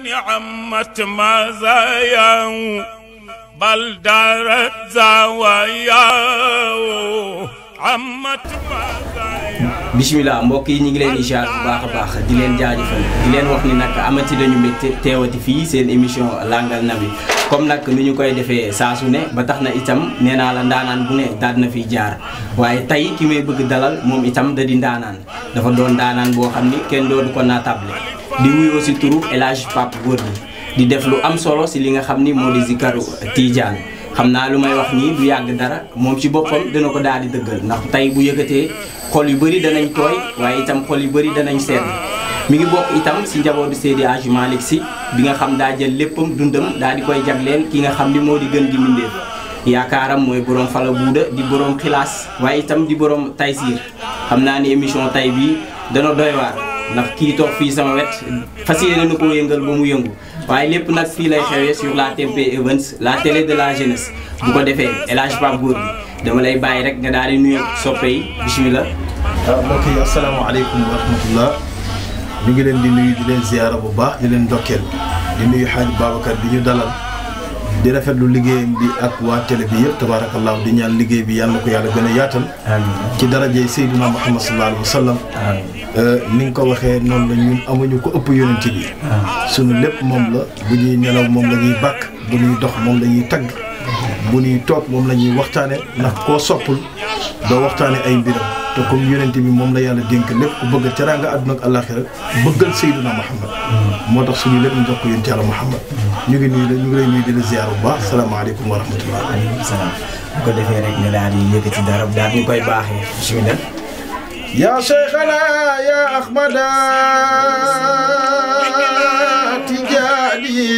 نعمت مزايا بل دارت زوايا عمت mbokk yi ñu ngi leen isaar bu baax baax di leen jaajëfal di leen wax ni nag amati nañu mbégte teewati fii seen émission langal nabi comme nag nu ñu koy defee saa ne ba tax na itam nee naa la ndaanaan bu ne daal na fi jaar waaye tey ki may bëgg dalal moom itam da di ndaanaan dafa doon ndaanaan boo xam ni kenn doodu ko naatable di wuyoo si turu El Hadj Pape Gorgui di def lu am solo si li nga xam ni moo di zikaru Tidiane xam naa lu may wax nii du yàgg dara moom ci boppam dina ko daal di dëggal ndax tey bu yëkkatee xol yu bëri danañ tooy waaye itam xol yu bëri danañ sedd mu ngi bokk itam si njabootu Seydi Hadji Malick si bi nga xam daa jël léppam dundam daal di koy jagleen ki nga xam ni moo di gën di mbindeef yaakaaram mooy borom fala buuda di borom xilaas waaye itam di borom taysiir xam naa ni émission tay bii dana doy waar ndax kii toog fii sama wet fas yéene na koo yëngal ba mu yëngu waaye lépp nag fii lay xewee sur la TMP Events la télé de la jeunesse bu ko defee El Hadj Pape bi dama lay bàyyi rek nga daal di nuyu soppe yi bisimilah. waaw ah, mbokk yi asalaamaaleykum wa ngi leen di nuyu di leen ziyaara bu baax di leen ndokkeel di nuyu xaaj Babacar bi ñu dalal. di rafetlu liggéeyam bi ak waa télé bi yëpp tabaarakallah di ñaan liggéey bi yàlla ko yàlla gën a yaatal. ci darajay Seydina Muhammad sallallahu alayhi wa sallam. Euh, ni nga ko waxee noonu la amuñu ko ëpp yonent bi. sunu lépp moom la bu ñuy nelaw moom la ñuy bàkk bu ñuy dox moom la ñuy tagg. bu ñuy toog moom la ñuy waxtaane ndax koo soppul doo waxtaane ay mbiram. te comme yonent moom la yàlla dénk lépp ku bëgg teraanga àdduna ak àllaaxira bëggal Seydina Muhammad moo tax suñu lépp ñu jox ko yonent yàlla Muhammad ñu ngi nuyu ñu ngi lay nuyu di la ziar baax salaamaaleykum wa rahmatullah aleykum salaam ko defee rek nga daal di yëkkati dara daal di koy baaxee bismillah yaa Cheikhana yaa Ahmada Tijaani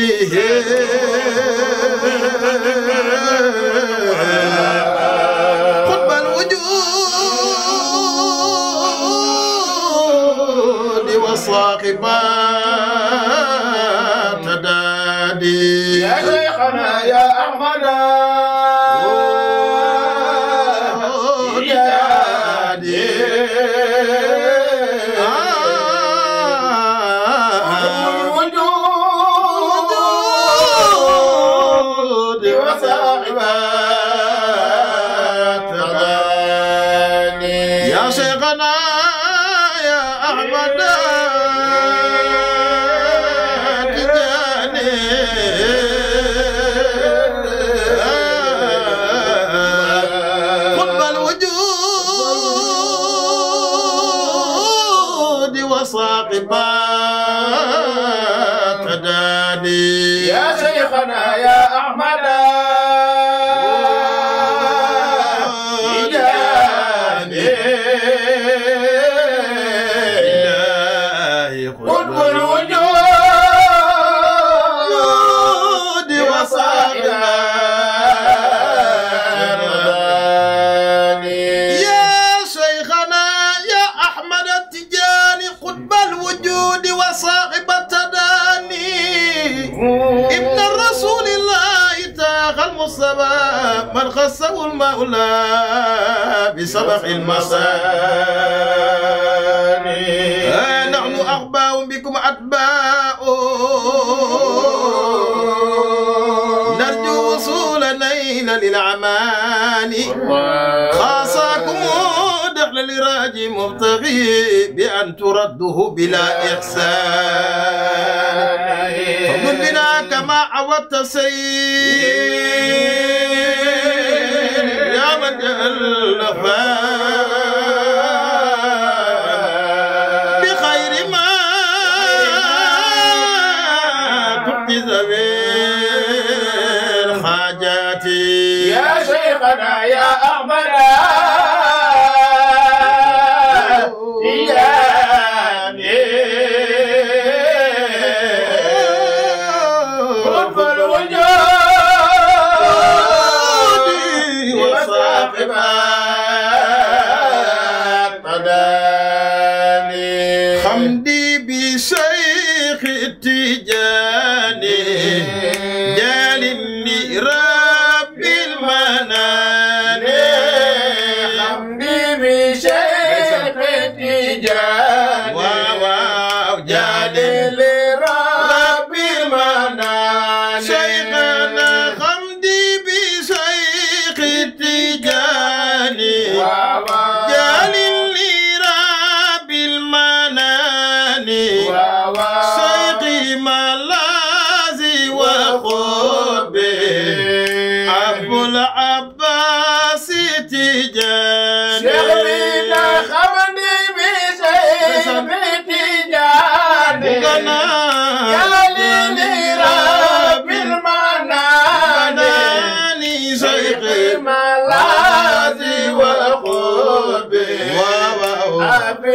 قبات دادي يا شيخنا يا أحمد الصبا من خصه المولى لا بصبح المصاني آه، نحن أخباء بكم أتباء الحاج مبتغي بأن ترده بلا إحسان فمن بنا كما عودت سيد يا من جعل عندي بشيخ التي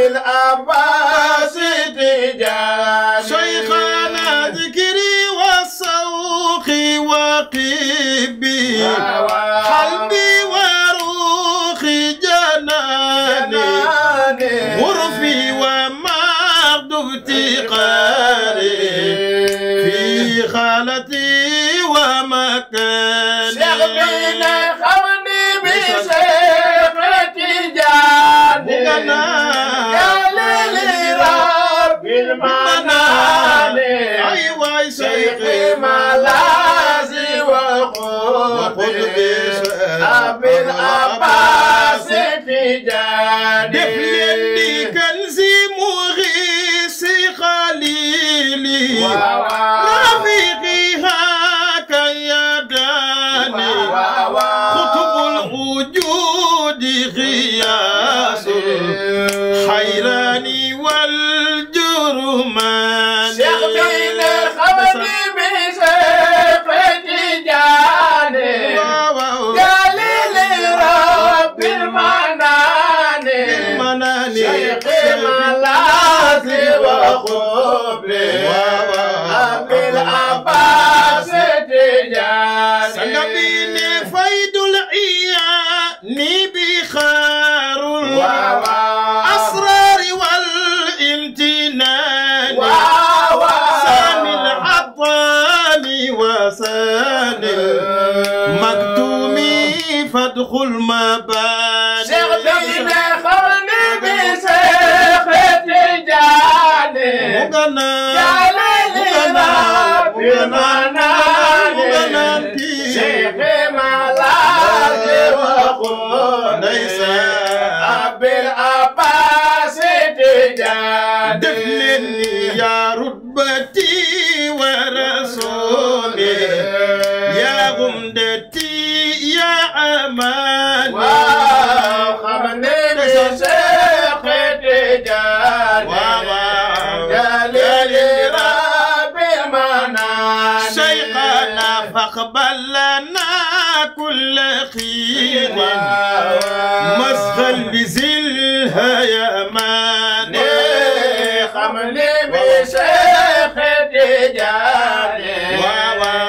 العباس تجاري شيخنا ذكري والصوخي وقبي آه. قلبي وروخي جناني غرفي ومردوتي قلبي Abil have been he died. Amen. Amen. Amen. Amen. Amen. دفنني يا ربتي ورسولي يا غمدتي يا أمان وخمنين شيخ تجاري جليل شيخنا فاقبل لنا كل خير مزد حملي بشيخ تجاري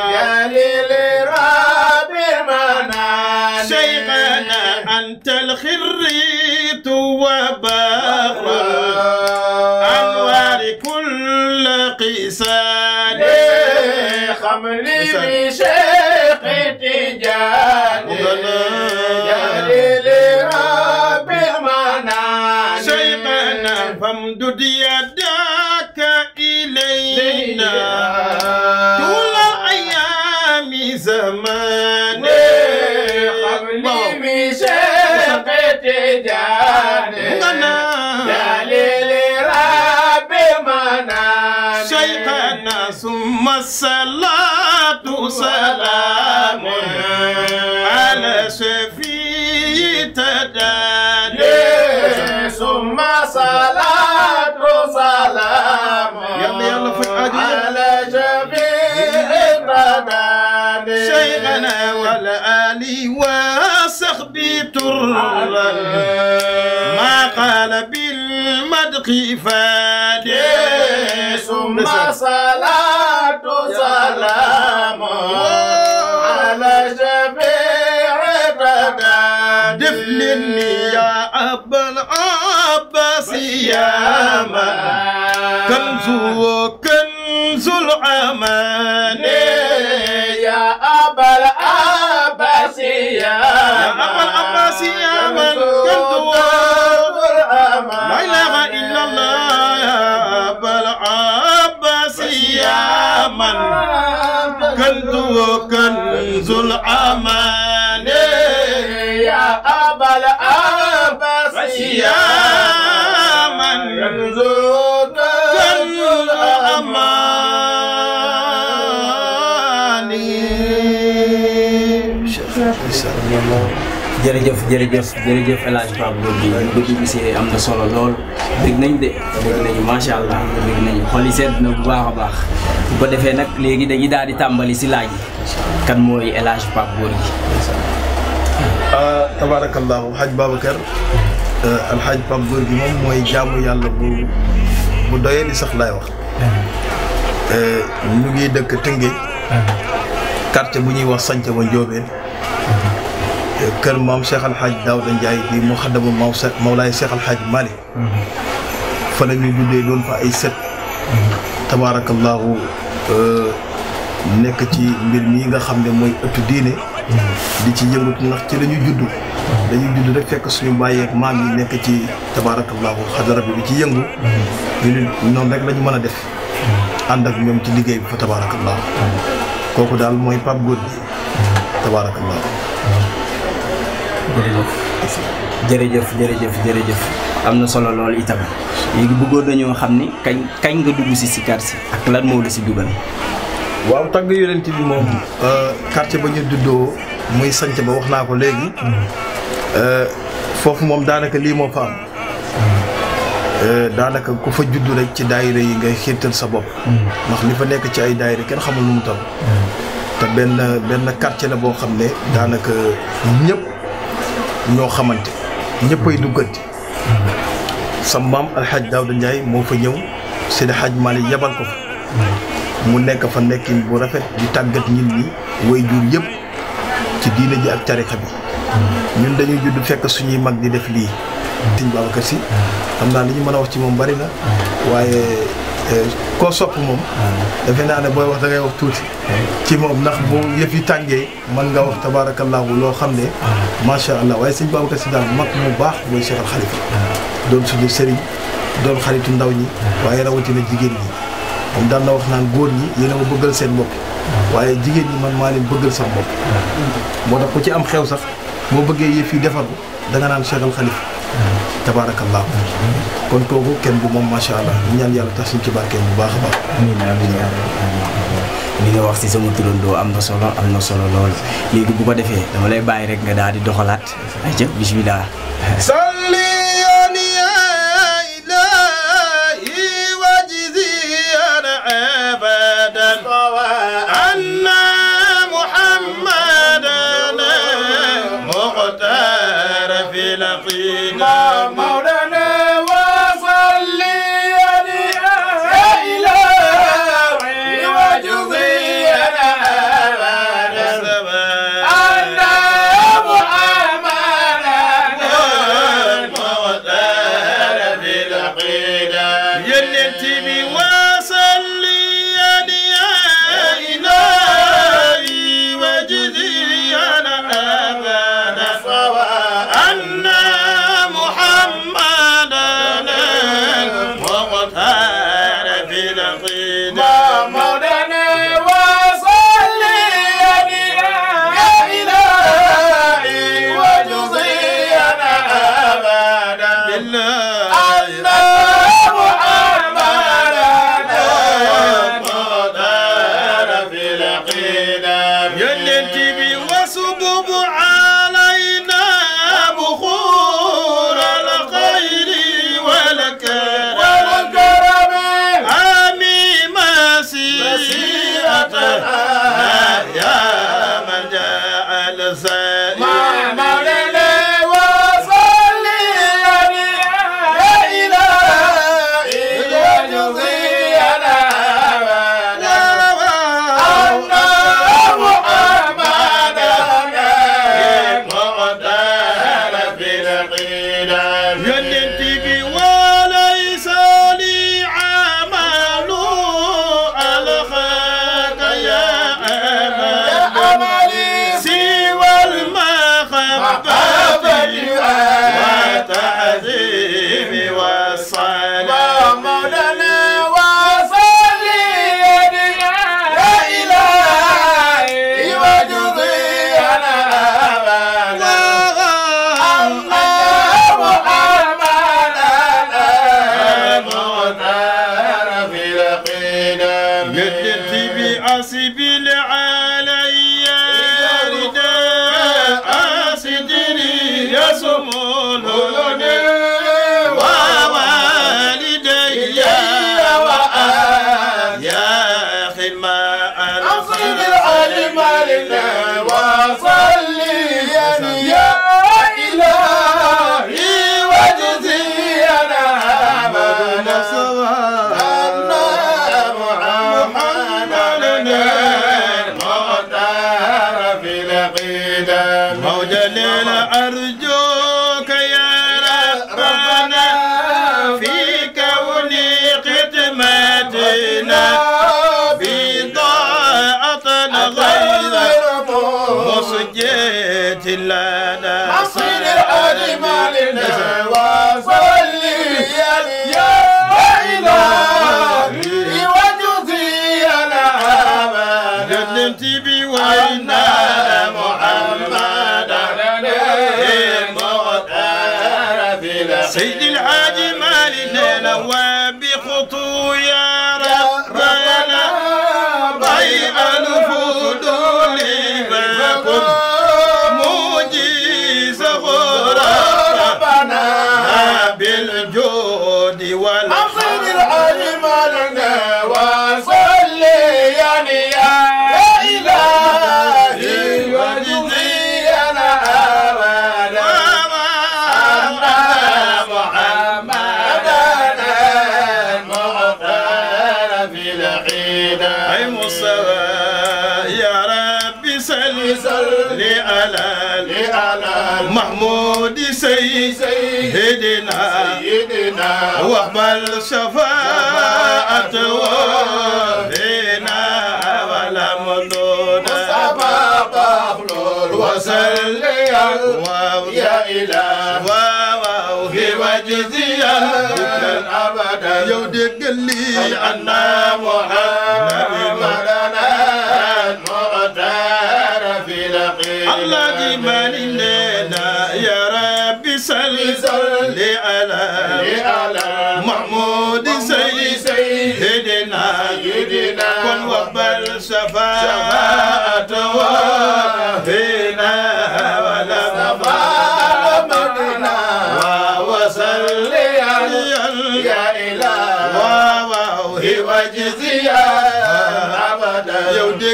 جليل رب المنان شيخنا أنت الخريت وباق أنوار كل قسان حملي بشيخ تجاري جليل رب المنان شيخنا فامدد يدي علينا طول أيام زمان قبلي بشاق تجان دليل رب منان شيخنا ثم الصلاة سلام على شفيع تدان على آلي وصحبي ما قال بالمدق فادي ثم صلاة سلام على شفيع دفنني يا أبا العباس يا من كنز وكنز الأمان نعم. كنت وكنز الأمان يا أبا الأباس يا من ينزل jërëjëf jërëjëf jërëjëf El Hadj Pape Gorgui ba dugg am na solo lool dégg nañ de dégg nañu macha allah dégg nañu xol sedd na bu baax a baax bu ko defee nag léegi dañuy daal di tàmbali si laaj yi kan mooy El Hadj Pape Gorgui. Ah, tabaarakallaahu eh, moom mooy jaamu yàlla bu bu doyee di sax laay wax. Eh, ñu ngi dëkk Tëngéej. Eh. quartier bu ñuy wax Sanc ba Njóobeen. kër maam Cheikh Al Hadj Daouda Ndiaye bi mu xaddamu Mawlaay Cheikh Al Hadj Mali. Mm-hmm. fa la ñu juddee doon fa ay sët. Mm-hmm. tabaarakallaahu euh, nekk ci mbir mii nga xam ne mooy ëttu diine. Mm-hmm. di ci yëngatu ndax ci lañuy ñu dañuy judd rek fekk suñu bàyyee ak maam yi nekk ci tabaarakallaahu xadara bi di ci yëngu. ñu noonu rek lañu mën a def. ànd ak ñoom ci liggéey bi fa tabaarakallaahu kooku daal mooy Pape Gorgui tabaarakallaahu jërëjëf jërëjëf jërëjëf am na solo lool itam léegi bëggoon nañoo xam ni kañ kañ nga dugg si sikar si ak lan moo la si dugal. waaw tàgg yonent bi moom euh, quartier ba ñu duddoo muy sanc ba wax naa ko léegi euh, foofu moom daanaka lii moo fa am euh, daanaka ku fa juddu rek ci daayira yi ngay xiirtal sa bopp ndax li fa nekk ci ay daayira kenn xamul nu mu tam mm. te benn benn la boo xam ne daanaka ñëpp ñoo xamante ñëppay duggante sa maam alxaaj Daawda Njaay moo fa ñëw Seydi xaj Maalik yebal ko mu nekk fa nekkin bu rafet di tàggat nit ñi way jur yëpp ci diina ji ak tarixa bi ñun dañuy judd fekk suñuy mag di def lii Sëñ Babacar Si xam naa li ñu mën a wax ci moom bari na waaye eh, koo sopp moom defe naa ne booy wax da ngay wax tuuti ci moom ndax bu yëf yi tàngee mën nga wax tabaarakallaahu loo xam ne macha allah waaye sëñ Babacar Sy daal mag mu baax mooy Cheikh Al Khalifa doon suñu sëriñ doon xaritu ndaw ñi waaye rawatina jigéen ñi moom daan na wax naan góor ñi yéen a ma bëggal seen bopp waaye jigéen ñi man maa leen bëggal sama bopp moo tax ku ci am xew sax boo bëggee yëf yi defaru da nga naan Cheikh Al Khalifa tabaarakallaa kon kooku kenn bu moom macha allah ñaan yàlla tax suñ ci barkeem bu baax a baax. amiin amiin li nga wax si sama turandoo am na solo am na solo lool léegi bu ko defee dama lay bàyyi rek nga daal di doxalaat. ayca bisimilah. عقيدا ينتبي وسبب عقيدا سيد العالم سيدنا سيدنا واقبل شفاعته لنا ولم دون وسليا يا إله وجزيا أبدا يودك لي انا محمد معتار في لقينا الله دي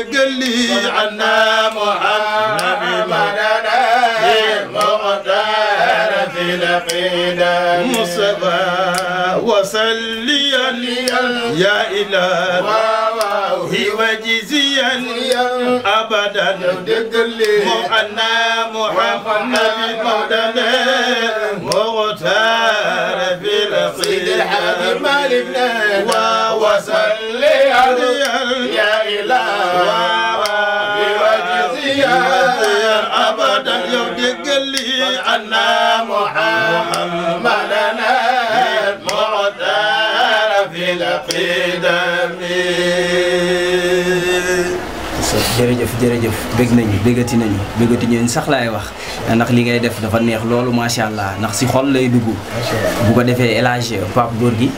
قلي عنا محمد المختار في مصطفى وصليا يا إله وجزيا أبدا مؤنا محمد مودنا مختار في العقيدة الحبيب مالبنا وسلم يا إله بوجزيا أبدا يودق لي عنا محمدنا معترف القدم jërëjëf jërëjëf bég nañu bégati nañu bégati ñeen sax laay wax ndax li ngay def dafa neex loolu macha allah ndax si xol lay dugg bu ko defee élage Pape góor gi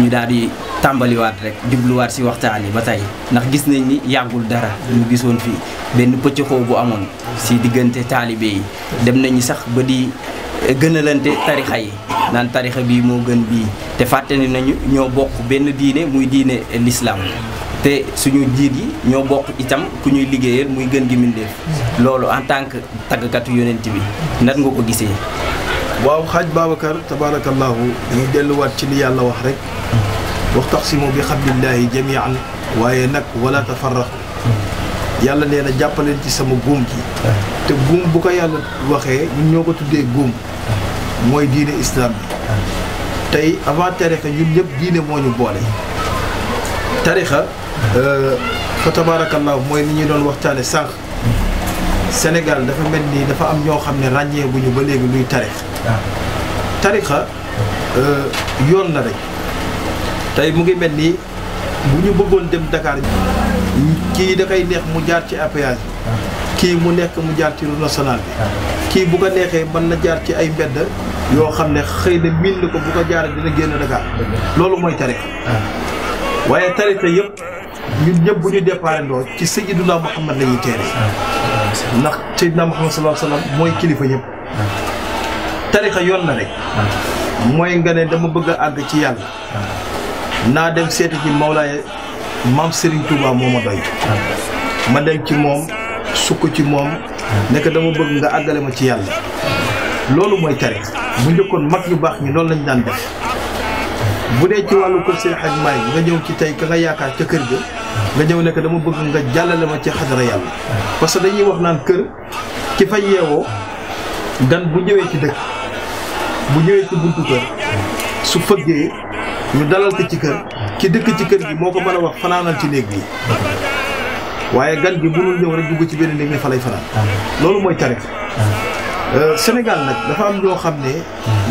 ñu daal di tàmbaliwaat rek jubluwaat si waxtaan yi ba tey ndax gis nañ ni yàggul dara ñu gisoon fii benn pëccëxoo bu amoon si diggante taalibe yi dem nañu sax ba di gënalante tarixa yi naan tarixa bii moo gën bii te fàtte nañu ñoo bokk benn diine muy diine l'islam te suñu jiit yi ñoo bokk itam ku ñuy liggéeyal muy gën gi mbindéef loolu en tant que tàggkatu yonent bi nan nga ko gisee. waaw xaaj Babacar tabaarakallaahu dañuy delluwaat ci li yàlla wax rek waxtasimu bi xablillaahi an waaye nag wala tafarraqu yàlla nee na jàppaleen ci sama guum gi te guum bu ko yàlla waxee ñun ñoo ko tuddee guum mooy diine islam bi tey avant tere que ñun ñëpp diine moo ñu boole tarixa euh, fa tabaarakallaahu mooy li ñuy doon waxtaane sànq senegal dafa mel nii dafa am ñoo xam ne ràññee bu ñu ba léegi luy tarix tarixa euh, yoon la rek tey mu ngi mel ni bu ñu bëggoon dem Dakar kii dafay koy neex mu jaar ci appayage bi kii mu nekk mu jaar ci route nationale bi kii bu ko neexee mën na jaar ci ay mbedd yoo xam ne xëy na miin na ko bu ko jaaree dina génn Dakar loolu mooy tarix waaye tariqa yëpp ñun ñëpp bu ñu déparé ndoo ci sayyiduna Muhammad la ñuy teere ndax sayyiduna Muhammad sallallahu mooy kilifa ñëpp tariqa yoon na rek mooy nga ne dama bëgg a àgg ci yàlla naa dem seeti ci Mawlaaye maam Serigne Touba moo ma doy ma dem ci moom sukk ci moom nekk dama bëgg nga àggale ma ci yàlla loolu mooy tariqa bu njëkkoon mag ñu baax ñi loolu lañ daan def bu dee ci wàllu kër seen xaj maay nga ñëw ci tey ka nga yaakaar ca kër ga nga ñëw nekk dama bëgg nga jàllale ma ci xadara yàlla parce que dañuy wax naan kër ki fa yeewoo gan bu ñëwee ci dëkk bu ñëwee ci buntu kër su fëggee ñu dalal ko ci kër ki dëkk ci kër gi moo ko mën a wax fanaanal ci léegi waaye gan gi mënul ñëw rek dugg ci benn néeg ni fa lay fanaan loolu mooy tarif euh, senegal nag dafa am ñoo xam ne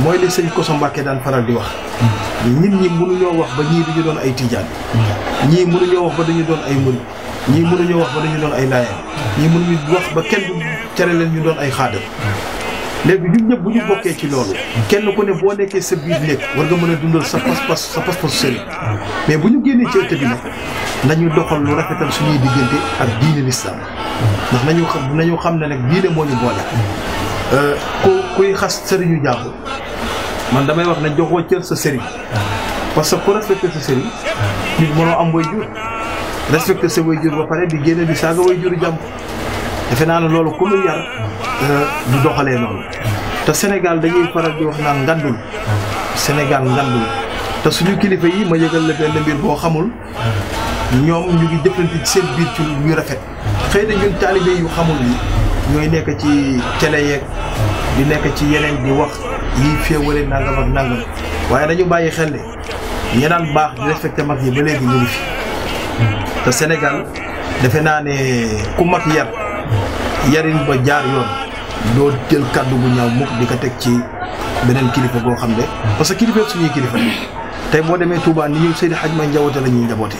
mooy li sëñ Koso Mbàkke daan faral di wax nit ñi mënuñoo wax ba ñii duñu doon ay tiijaan ñii mënuñoo wax ba dañu doon ay murit ñii mënuñoo wax ba dañu doon ay laayam ñii mënuñu wax ba kenn du cere leen ñu doon ay xaadal léegi ñun ñëpp bu ñu bokkee ci loolu kenn ku ne boo nekkee sa biir nekk war nga mën a dundal sa pas-pas sa pas-pas sëriñ mais bu ñu génnee ci ëtt bi nag nañu doxal lu rafetal suñuy diggante ak diine lislaam ndax nañu xam nañu xam ne nag diine moo ñu boole euh, ku kuy xas sëriñu jàpp man damay wax na joxoo cër sa sëriñ parce que ku respecté sa sëriñ nit mënoo am way jur respecté sa way jur ba pare bi génne di saaga way juru jàmm defe naa ne loolu ku yar euh, du doxalee noonu te Sénégal dañuy faral di wax naan ngandul Sénégal ngandul te suñu kilifa yi ma yëgal la benn mbir boo xamul ñoom ñu ngi jëflante ci seen biir ci ñu rafet xëy na ñun yu xamul yi ñooy nekk ci télé yeeg di nekk ci yeneen di wax yii féewale nangam ak nangam waaye dañu bàyyi xel ne ñi daan baax di respecté mag yi ba léegi ñu ngi fi te Sénégal defe naa ne ku mag yar yarin ba jaar yoon doo jël kàddu gu ñaaw mukk bi ko teg ci beneen kilifa goo xam ne parce que kilifa suñuy kilifa te boo demee Touba ni ñu Seydi ma May njaboote la ñuy njaboote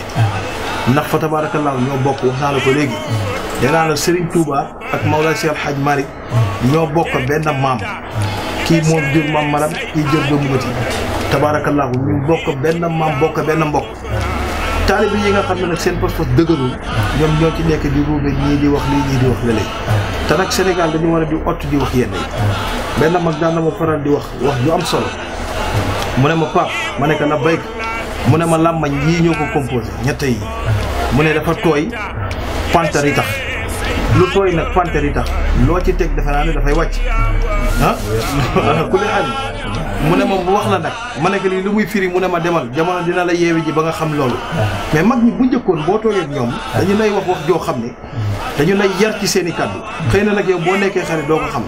ndax fa tabaarakallaa ñoo bokk wax naa la ko léegi danaa la Serigne Touba ak Mawlaa Cheikh Hadj ñoo bokk benn maam kii moom jur maam maram kii jër doomu bëti tabaarakallaahu ñu bokk benn maam bokk benn mbokk taalibe yi nga xam ne nag seen pas-pas dëgërul ñoom ñoo ci nekk di ruube ñii di wax lii ñii di wax lële te nag Sénégal dañu war a di ott di wax yenn yi benn mag daan na faral di wax wax ju am solo mu ne ma pap ma ne ko la bayk mu ne ma làmmañ yii ñoo ko composé ñett yi mu ne dafa tooy pantar yi tax lu tooy nag panter yi tax loo ci teg defe naa ne dafay wàcc ah ku ne an mu ne ma bu wax la nag ma ne lii lu muy firi mu ne ma demal jamono dina la yeewi ji ba nga xam loolu mais mag ñi bu njëkkoon boo toogee ñoom dañu lay wax wax joo xam ne dañu lay yar ci seen i kàddu xëy na nag yow boo nekkee xarit doo ko xam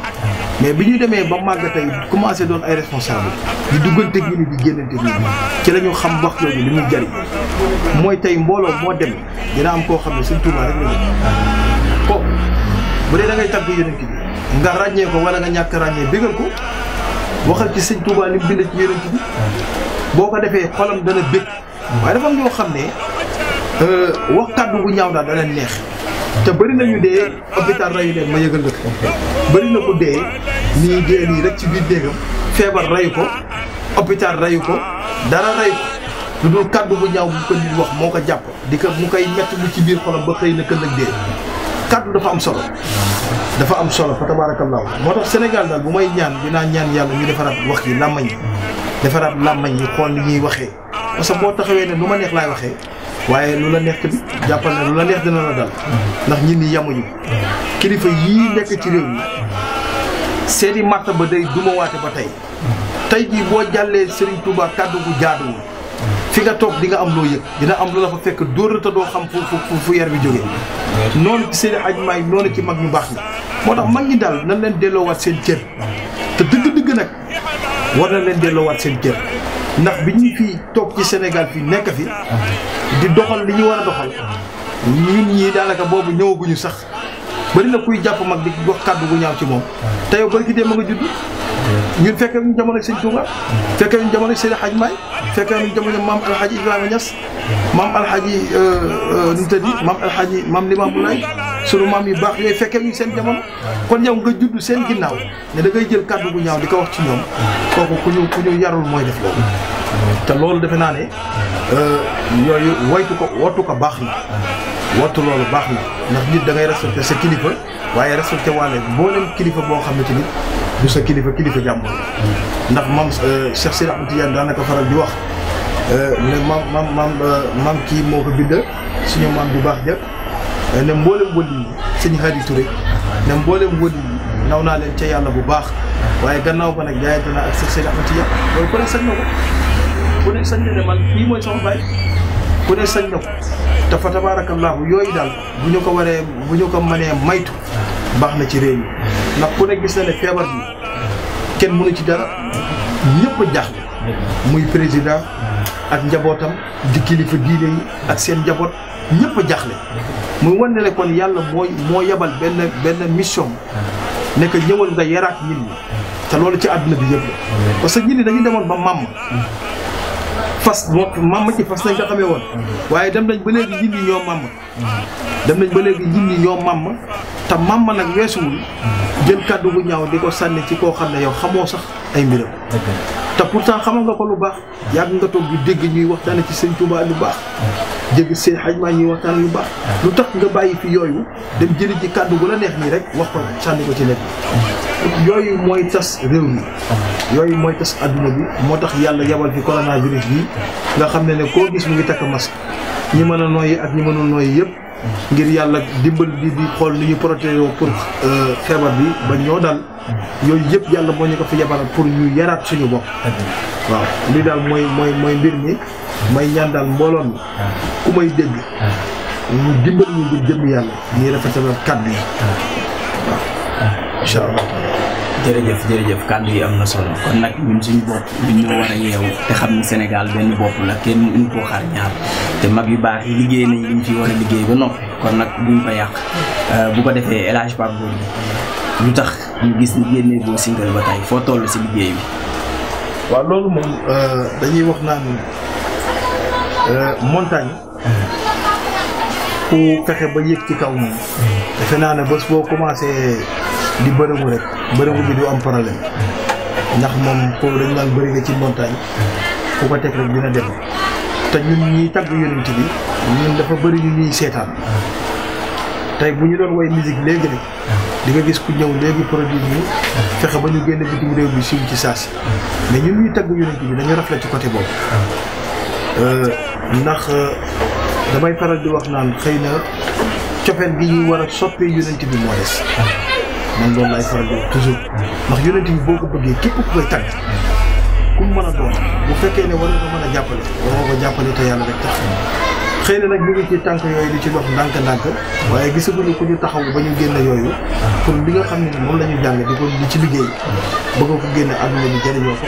mais bi ñu demee ba màgg tey commencé doon ay responsable di duggante gi ni di génnante gi ci la ñu xam wax jooju li muy jariñ mooy tey mbooloo moo dem dina am koo xam ne suñ tubaab ko bu de da ngay tabbi yonent bi nga ragne ko wala nga ñak ragne bégal ko waxal ci seigne Touba li bind ci yonent bi boko defé xolam da na bég waaye dafa am ñoo xam ne euh, wax kaddu bu ñaaw da na neex te bari na ñu dé hôpital rayu leen ma yëgal la bari na ko dé ni dé ni rek ci biir dégam feebar rayu ko hôpital rayu ko dara ray ko lu dul bu ñaaw bu ko nit wax moko japp jàpp di ko mu kay metti lu ci biir xolam ba xeyna na këllëg dee kàddu dafa am solo dafa am solo fa tabaarakallaahu moo tax Sénégal daal bu may ñaan dinaa ñaan yàlla ñu defaraat wax yi làmmañ yi defaraat làmmañ yi xool ni ñuy waxee parce moo boo taxawee ne lu ma neex laay waxee waaye lu la neex tamit jàppal ne lu la neex dina la dal ndax ñun ñi yamuñu kilifa yii nekk ci réew mi seeni martaba day dumawaate ba tey tey jii boo jàllee Serigne Touba kàddu gu jaaduwul fi nga toog dinga am loo yëg dina am lu la fa fekk dóor te doo xam fu fu fu yar bi jóge noonu ci seen ajmaay noonu ci mag ñu baax ñi moo tax mag ñi daal na leen delloowaat seen cër te dëgg-dëgg nag war na leen delloowaat seen cër ndax bi ñu fi toog ci Sénégal fii nekk fi di doxal li ñu war a doxal ñun ñii daanaka boobu ñëwaguñu sax bëri na kuy jàpp mag di wax kàddu gu ñaaw ci moom te yow bërki dee ma nga judd ñun fekkee ñu jamono ak sëñ Touba fekkee ñu jamono ak sëñ Hadj May fekkee ñu jamono maam alxaaji Ibrahima Niass maam alxaaji euh, euh, nu tëddi maam alxaaji maam Limaamu Laay sunu maam yu baax yooyu fekkee ñu seen jamono kon yow nga judd seen ginnaaw ne da ngay jël kàddu gu ñaaw di ko wax ci ñoom kooku ku ñu ku ñu yarul mooy def loolu te loolu defe naa ne euh, yooyu woytu ko wootu ko baax na wattu loolu baax na ndax nit da ngay respecté sa kilifa waaye respecté waale boo leen kilifa boo xamante ni du sa kilifa kilifa jàmbur ndax mam euh, Cheikh Sidi Ahmed Tidiane daanaka faral di wax euh, ne maam maam maam euh, maam kii moo ko bind suñu maam bu baax ja ne mboolem wëli sëñ Xaadi Touré ne mboolem wëli yi naw naa leen ca yàlla bu baax waaye gannaaw ba nag jaayante naa ak Cheikh Sidi Ahmed Tidiane ku ne sañ na ko ku ne sañ na ne man kii mooy sama baay ku ne sañ na ko te fa tabaarakallaahu yooyu daal bu ñu ko waree bu ñu ko mënee maytu baax na ci réew mi ndax ku ne gis na ne feebar bi kenn mënu ci dara ñëpp a jaaxle muy président ak njabootam di kilifa diine yi ak seen njaboot ñëpp a jaaxle muy wane ne kon yàlla mooy moo yebal benn benn mission nekk que ñëwal nga yaraat nit ñi te loolu ci àdduna bi yëpp la parce que nit dañu demoon ba màmm fas moo màmm ci fas lañ ko xamee woon waaye dem nañ ba léegi jinni ñoo màmm dem nañ ba léegi jinni ñoo màmm te màmm nag weesuwul jën kàddu gu ñaaw di ko sànni ci koo xam ne yow xamoo sax ay mbiram te pourtant xamal nga ko lu baax yàgg nga toog di dégg ñuy waxtaane ci sëñ Touba lu baax dégg seen xajmaa ñuy waxtaane lu baax lu tax nga bàyyi fi yooyu dem jëli ci kàddu gu la neex nii rek wax ko sànni ko ci nekk yooyu mooy tas réew yi yooyu mooy tas adduna bi moo tax yàlla yabal fi coronavirus bi nga xam ne ne koo gis mu ngi takk masque ñi mën a nooyi ak ñi mënul nooyi yëpp ngir yàlla dimbal bi di xool ni ñu protéger pour euh, feebar bi ba ñoo dal yooyu yëpp yàlla moo ñu ko fi yabal pour ñu yaraat suñu bopp waaw lii daal mooy mooy mooy mbir mi may ñaan daal ku may dégg ñu ah. dimbal ñu ngir jëm yàlla ñuy rafetal kàddu incha allah jërëjëf jërëjëf kàddu yi am na solo kon nag ñun suñu bopp ñun ñoo war a yeewu te xam ni Sénégal benn bopp la kenn mënu koo xaar ñaar te mag yu baax yi liggéey nañ liñ ci war a liggéey ba noppi kon nag buñ ko yàq euh, bu ko defee El Hadj Pape lu tax mu gis ni génnee boo single ba tey foo toll si liggéey bi. waaw loolu moom euh, dañuy wax naan euh, montagne. Hmm. ku fexe ba yëg ci kaw moom. Hmm. defe naa ne bés boo commencé. di bërëngu rek bërëngu bi du am problème ndax moom foofu dañu naan bëri nga ci montagne ku ko teg rek dina dem te ñun ñuy tagg yonent bi ñun dafa bëri ñu ñuy seetaan tey bu ñu doon woy musique léegi rek di nga gis ku ñëw léegi produit ñu fexe ba ñu génn bitim réew bi siiw ci saasi mais ñun ñuy tagg yonent bi dañu rafet ci côté boobu euh, ndax damay faral di wax naan xëy na cofeel gi ñu war a soppee yonent bi moo des man loolu laay faral di ndax yonent boo ko bëggee képp ku koy tàgg ku mën a doon bu fekkee ne war nga mën a jàppale war nga ko jàppale te yàlla rek tax xëy na nag bi ci tànk yooyu di ci dox ndànk-ndànk waaye gisaguñu ku ñu taxaw ba ñu génn yooyu pour li nga xam ne moom la ñu jàng di ko di ci liggéey bëgg ko génne àdduna bi jëriñoo ko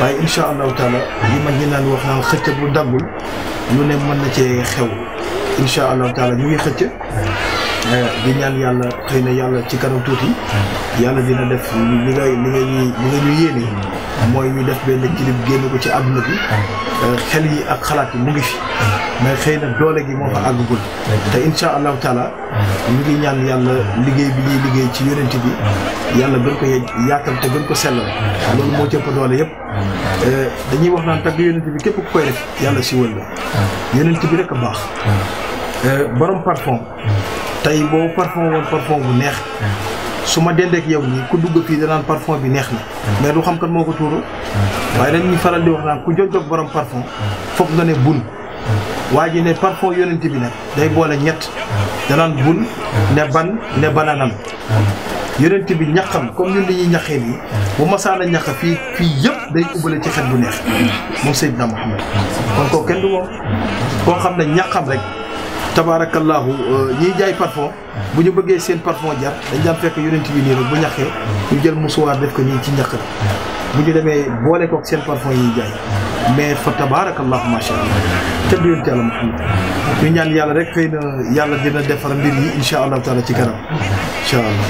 waaye insha allahu taala li mag ñi naan wax naan xëcc bu daggul lu ne mën na cee xew insha allahu taala ñu ngi xëcc Eh, di ñaan yàlla xëy na yàlla ci kanam tuuti. Hmm. yàlla dina def li nga ñuy li nga ñu yéene. Hmm. mooy ñu def benn clip génn ko ci àdduna bi. Hmm. Eh, xel yi ak xalaat yi mu ngi fi. mais xëy na doole gi moo fa àggagul. te incha allahu taala. mu ngi ñaan yàlla liggéey bi ñuy liggéey ci yonent bi. yàlla gën ko yaatal te gën ko sellal. loolu moo jëpp doole yëpp. Eh, dañuy wax naan tagg yonent bi képp ku koy def yàlla si wël la. yonent bi rek baax. borom parfum. tey boo parfum woon parfum bu neex. su ma dendeek yow nii ku dugg fii danaan parfum bi neex na. mais du xam kat moo ko tuuru. waaye dañuy faral di wax naan ku jog jog borom parfum. foog nga ne bun. waa ji ne parfum yonent bi nag day boole ñett. danaan bun. ne ban ne bananam. yonent bi ñaxam comme ñun li ñuy ñaxee nii. bu masaana ñax fii fii yëpp day ubbale ci xet bu neex. moom Seydina Muhammad kon kooku kenn du moom. koo xam ne ñaxam rek. tabaarakallaahu euh, ñi jaay parfum bu ñu bëggee seen parfum jar dañ daan fekk yonent bi nii bu ñaxee ñu jël musuwaar def ko nii ci ñax bu ñu demee boole seen parfum yiy jaay mais fa tabaarakallaahu macha allah te du yonent yàlla Muhammad ñu ñaan yàlla rek xëy yàlla dina defar mbir yi incha allah ci kanam incha allah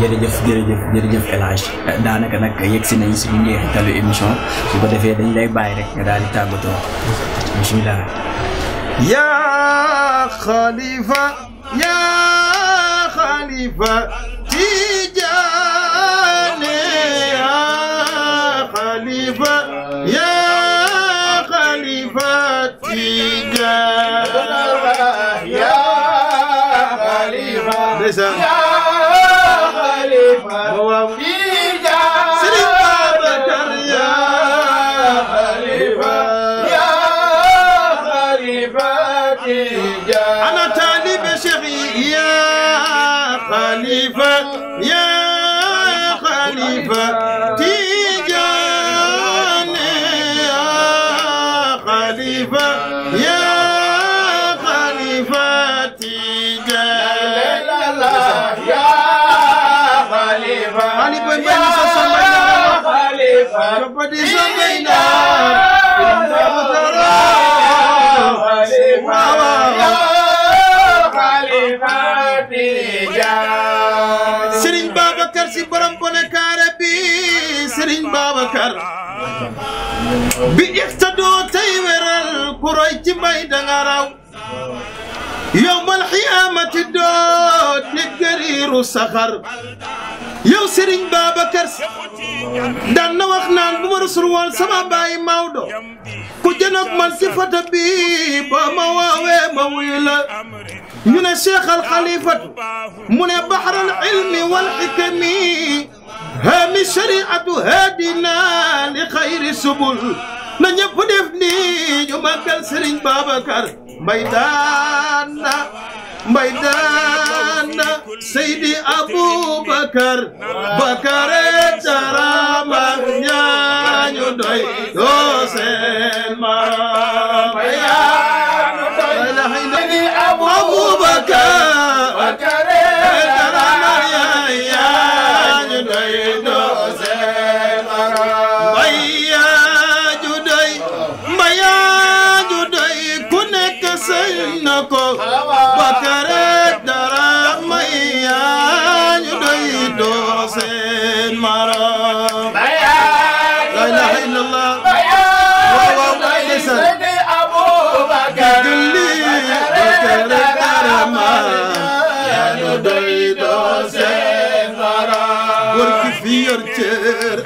jërëjëf jërëjëf jërëjëf daanaka nag yegg si nañ suñu njeexitalu émission su ko defee dañ lay bàyyi rek nga daal di tàggatoo bisimilah. يا خليفة يا خليفة si borom bonekaare bi sëriñ Babacar bi ixtadoo tey weral ku roy may danga raw يوم القيامة الدود للقرير والصخر يو سرين بابا كرس دانا وخنان بمرسل والسما باي ماودو كجنب ملسفة بيبا مواوي مويلة من الشيخ الخليفة من بحر العلم والحكم هم الشريعة هادنا لخير السبل من يفنفني يوم كرسرين بابا كرس mbay daan na mbay daan na Seydi Aboubacar Bakare Carama ñaañu doy doo seen maam. Aboubacar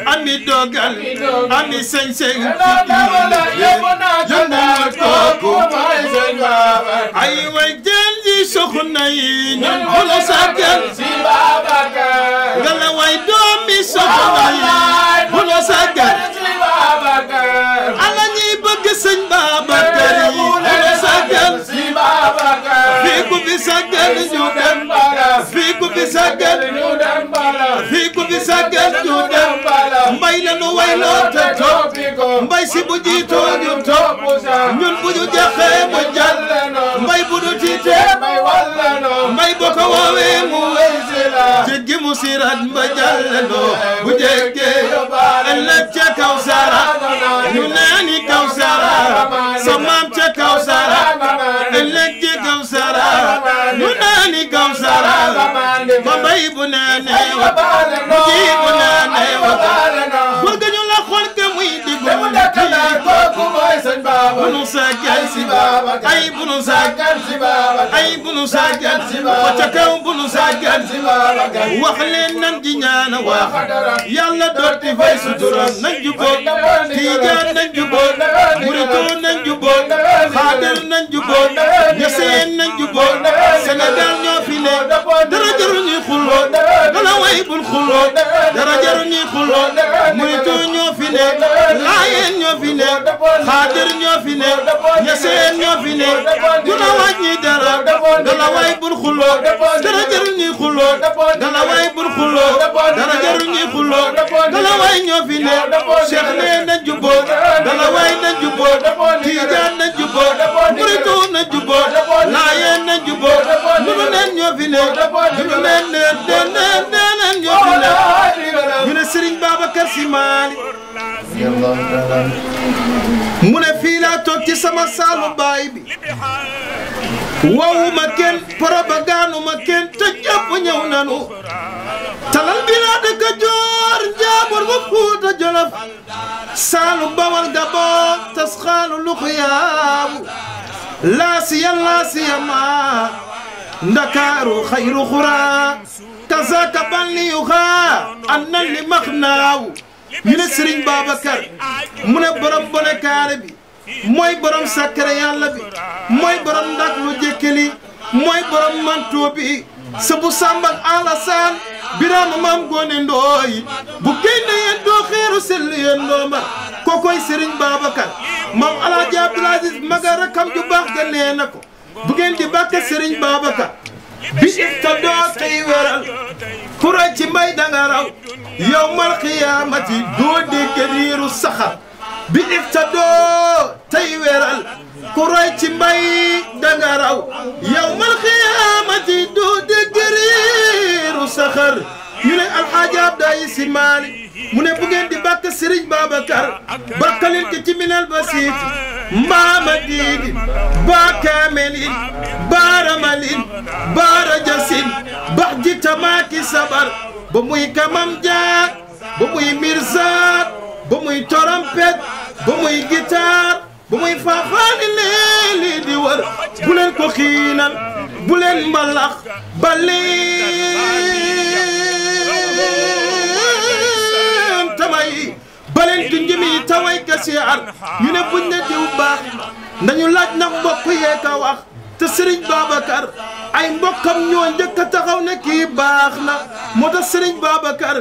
ami dogal ami sañ-sañ yóbbu na kooku ay way jël ji soxna yi ñun bu la sàggal nga la way doomi soxna yi bu la sàggal ala ñuy bëgg sëñ Babacar yi bu la sàggal fii ku fi sàggal ñu dem fii ku fi sàggal ñu dem fii ku fi sàggal ñu dem toppi ko mbay si bu jiitoo ñun topp sa ñun bu ñu jaxee mu jàll mbay bu ñu tiitee mbay walla noo mbay bu ko woowee mu wéy si la jéggi mu sirat mba jàll noo bu jéggee ëllëg ca kaw sara ñu naani kaw sara sa maam ca kaw sara ëllëg ca kaw sara ñu naani kaw sara ba mbay bu naanee wa bu ji bu naanee wa ساكن بابا بنو ساكن سبابا أي بنو ساكن سبابا أي بنو ساكن سبابا وتكون بنو ساكن سبابا وخلينا نجينا وخدرا يلا دوتي فاي سترا ننجبو تيجان ننجبو مريتو ننجبو خادر ننجبو يسين ننجبو سندال نوفيلي درجر نيخلو غلا ويب الخلو درجر نيخلو مريتو nekk laayeen ñoo fi nekk xaadir ñoo fi nekk ñeseen ñoo fi nekk du la wàññi dara dala way bul xuloo dara jarul ñuy xuloo dala way bul xuloo dara jarul ñuy xuloo dala way ñoo fi nekk cheikh nee na juboo dala way na juboo tiijaan na juboo muritu na juboo laayeen na juboo lu nu neen ñoo fi nekk lu nu neen neen neen Serigne mu ne fii laa ci sama saalu baay bi wawuma kenn propaganduma kenn te ñëpp ñëw nanu talal bi laa dëkk joor njaabur ba Fuuta Jolof saalu bawal Gabon tasxaalu luxyaabu laasiya laasiya maa ndakaaru xayru xuraa kasaaka ban li yu xaa am nan li max naawu ñu ne Serigne Babacar mu ne borom bonekaare bi mooy borom sakkare yàlla bi mooy borom ndak lu jëkkali mooy borom manto bi sabu sambal alasaan biraama maam goone ndooyi bu gaynde yeen doo xeeru sell yeen ndoomar kokoy Serigne Babacar maam alaaji Abdoul Aziz maga rakam ju baax ga nee ko bu ngeen di bàkke Serigne Babacar bi ittadoo tey weral ku rëcc mbay danga raw yowmal qiyaamati doo dégg riiru saxar bi ittadoo tey weral ku rëcc mbay danga raw yowmal qiyaamati doo dégg riiru saxar ñu ne alxaaji Abdoulaye mu ne bu ngeen di bàkk Serigne Babacar bàkkaleen ko ci minal basit mbaama diidi baa kaamelin baaramalin baara jasin bax ji tamaaki sabar ba muy kamam jaar ba muy mirsaat ba muy trompette ba muy guitare ba muy faafaani leeli di war ko xiinal bu leen mbalax sa wayka si ar ñu ne buñ ne diw baax nañu laaj nag mbokk yee ka wax te Serigne Babacar ay mbokkam ñoo njëkk a taxaw ne kii baax na moo tax Serigne Babacar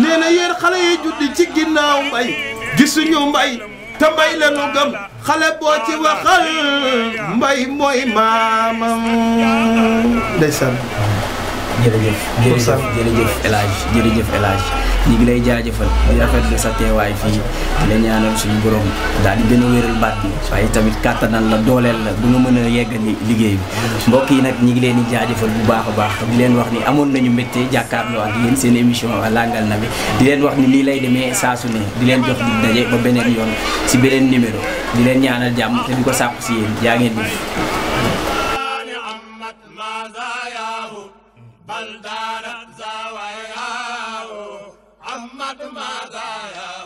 nee na yéen xale yi juddi ci ginnaaw mbay gisuñu mbay te mbay la nu gëm xale boo ci waxal mbay mooy maamam ndeysaan jërëjëf jërëjëf jërëjëf El Hadj jërëjëf El ñu ngi lay jaajëfal di rafetlu sa teewaay fii di la ñaanal suñu borom daal di gën a wéral baat bi waaye tamit kàttanal la dooleel la bu nga mën a ni liggéey bi mbokk yi nag ñu ngi leen di jëfal bu baax a baax di leen wax ni amoon nañu mbégte jàkkaarloo ak yéen seen émission langal na bi di leen wax ni lii lay demee saasu ne di leen jox di daje ba beneen yoon si beneen numéro di leen ñaanal jàmm te di ko sàpp si yéen بل دارت زواياه عمت مزاياه